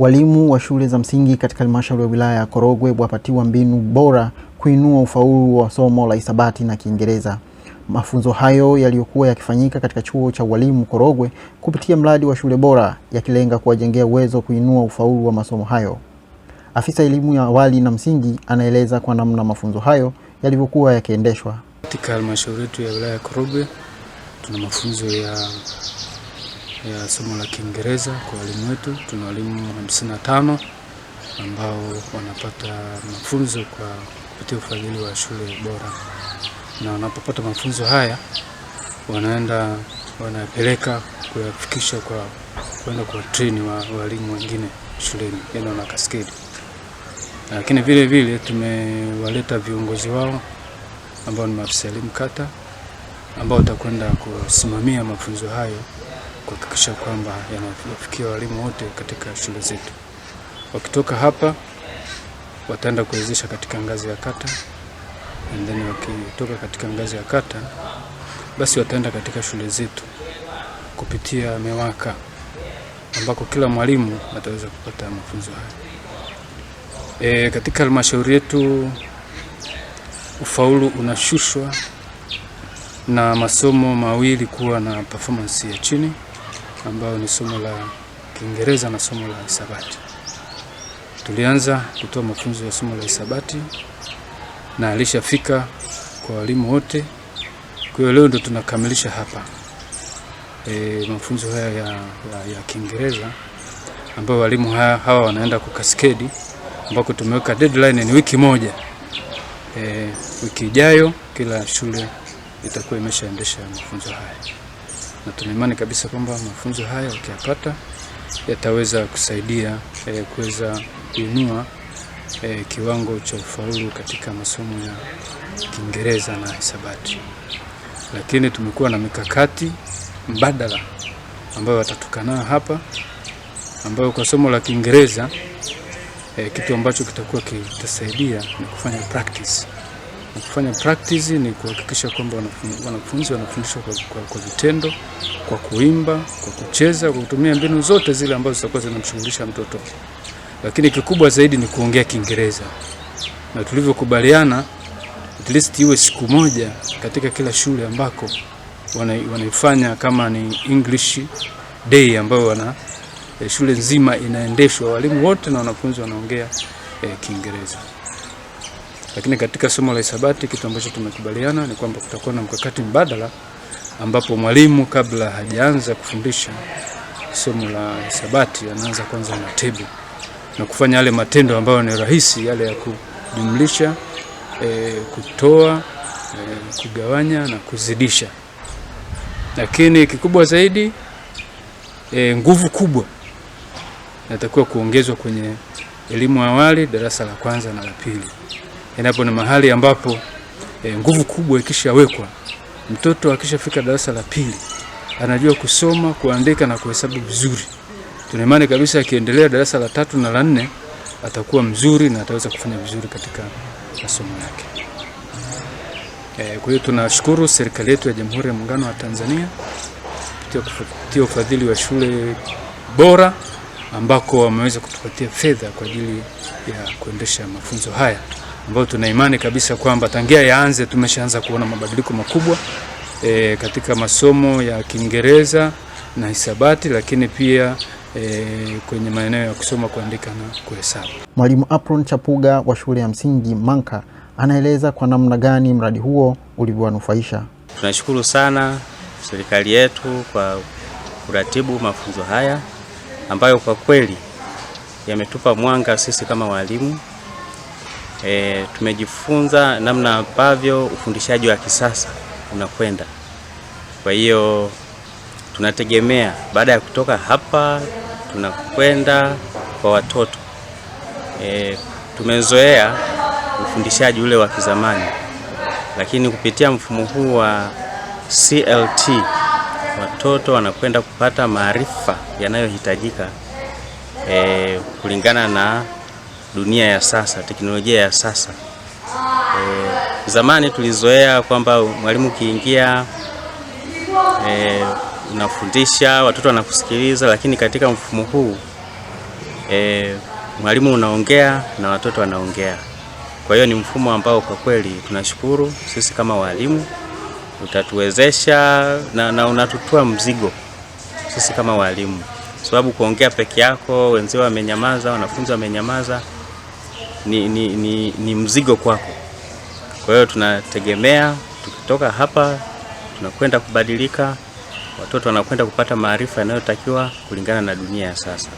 Walimu wa shule za msingi katika halmashauri ya wilaya ya Korogwe wapatiwa mbinu bora kuinua ufaulu wa somo la hisabati na Kiingereza. Mafunzo hayo yaliyokuwa yakifanyika katika chuo cha walimu Korogwe kupitia mradi wa shule bora yakilenga kuwajengea uwezo kuinua ufaulu wa masomo hayo. Afisa elimu ya awali na msingi anaeleza kwa namna mafunzo hayo yalivyokuwa yakiendeshwa. Katika halmashauri yetu ya wilaya ya Korogwe tuna mafunzo ya ya somo la Kiingereza kwa walimu wetu. Tuna walimu 55 ambao wanapata mafunzo kwa kupitia ufadhili wa shule bora, na wanapopata mafunzo haya wanaenda wanapeleka kuyafikisha kwa kwenda kwa treni wa walimu wengine shuleni, yani wana kaskedi. Lakini vile vile tumewaleta viongozi wao ambao ni maafisa elimu kata ambao utakwenda kusimamia mafunzo hayo kuhakikisha kwamba yanawafikia walimu wote katika shule zetu. Wakitoka hapa wataenda kuwezesha katika ngazi ya kata, and then wakitoka katika ngazi ya kata basi wataenda katika shule zetu kupitia MEWAKA ambako kila mwalimu ataweza kupata mafunzo hayo. E, katika halmashauri yetu ufaulu unashushwa na masomo mawili kuwa na performance ya chini ambayo ni somo la Kiingereza na somo la hisabati. Tulianza kutoa mafunzo ya somo la hisabati na alishafika kwa walimu wote. Kwa hiyo leo ndo tunakamilisha hapa e, mafunzo haya ya, ya, ya Kiingereza ambayo walimu hawa wanaenda kukaskedi ambako tumeweka deadline ni wiki moja. E, wiki ijayo kila shule itakuwa imeshaendesha mafunzo haya, na tunaimani kabisa kwamba mafunzo haya wakiyapata yataweza kusaidia eh, kuweza kuinua eh, kiwango cha ufaulu katika masomo ya Kiingereza na hisabati. Lakini tumekuwa na mikakati mbadala ambayo watatukanaa hapa, ambayo kwa somo la Kiingereza eh, kitu ambacho kitakuwa kitasaidia ni kufanya practice na kufanya practice ni kuhakikisha kwamba wanafunzi wanafundishwa kwa, kwa, kwa vitendo, kwa kuimba, kwa kucheza, kwa kutumia mbinu zote zile ambazo zitakuwa zinamshughulisha mtoto, lakini kikubwa zaidi ni kuongea Kiingereza na tulivyokubaliana at least iwe siku moja katika kila shule ambako wanaifanya kama ni English day ambayo wana eh, shule nzima inaendeshwa, walimu wote na wanafunzi wanaongea eh, Kiingereza. Lakini katika somo la hisabati kitu ambacho tumekubaliana ni kwamba kutakuwa na mkakati mbadala ambapo mwalimu kabla hajaanza kufundisha somo la hisabati anaanza kwanza tebu na kufanya yale matendo ambayo ni rahisi, yale ya kujumlisha, e, kutoa, e, kugawanya na kuzidisha. Lakini kikubwa zaidi e, nguvu kubwa natakiwa kuongezwa kwenye elimu awali darasa la kwanza na la pili endapo ni mahali ambapo e, nguvu kubwa ikishawekwa, mtoto akishafika darasa la pili anajua kusoma, kuandika na kuhesabu vizuri. Tuna imani kabisa akiendelea darasa la tatu na la nne atakuwa mzuri na ataweza kufanya vizuri katika masomo yake. E, kwa hiyo tunashukuru serikali yetu ya Jamhuri ya Muungano wa Tanzania kupitia ufadhili wa shule bora ambako wameweza kutupatia fedha kwa ajili ya kuendesha mafunzo haya ambayo tuna imani kabisa kwamba tangia yaanze tumeshaanza kuona mabadiliko makubwa e, katika masomo ya Kiingereza na hisabati, lakini pia e, kwenye maeneo ya kusoma, kuandika na kuhesabu. Mwalimu Apron Chapuga wa shule ya msingi Manka anaeleza kwa namna gani mradi huo ulivyowanufaisha. Tunashukuru sana serikali yetu kwa kuratibu mafunzo haya ambayo kwa kweli yametupa mwanga sisi kama walimu e, tumejifunza namna ambavyo ufundishaji wa kisasa unakwenda. Kwa hiyo tunategemea baada ya kutoka hapa tunakwenda kwa watoto e, tumezoea ufundishaji ule wa kizamani, lakini kupitia mfumo huu wa CLT watoto wanakwenda kupata maarifa yanayohitajika e, kulingana na dunia ya sasa, teknolojia ya sasa. E, zamani tulizoea kwamba mwalimu ukiingia e, unafundisha watoto wanakusikiliza, lakini katika mfumo huu e, mwalimu unaongea na watoto wanaongea. Kwa hiyo ni mfumo ambao kwa kweli tunashukuru sisi kama walimu, utatuwezesha na, na unatutua mzigo sisi kama walimu, sababu kuongea peke yako, wenzio wamenyamaza, wanafunzi wamenyamaza ni, ni, ni, ni mzigo kwako. Kwa hiyo tunategemea tukitoka hapa tunakwenda kubadilika, watoto wanakwenda kupata maarifa yanayotakiwa kulingana na dunia ya sasa.